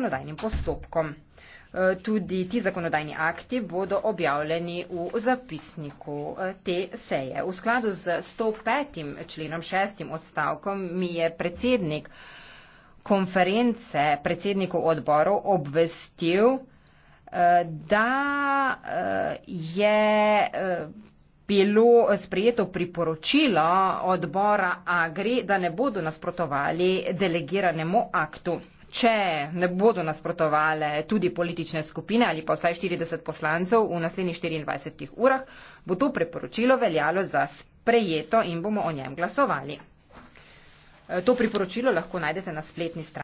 zakonodajnim postopkom. E, tudi ti zakonodajni akti bodo objavljeni v zapisniku e, te seje. V skladu z 105. členom 6. odstavkom mi je predsednik konference predsednikov odborov obvestil, e, da je bilo sprejeto priporočilo odbora Agri, da ne bodo nasprotovali delegiranemu aktu če ne bodo nasprotovale tudi politične skupine ali pa vsaj 40 poslancev v naslednjih 24 urah, bo to priporočilo veljalo za sprejeto in bomo o njem glasovali. E, to priporočilo lahko najdete na spletni strani.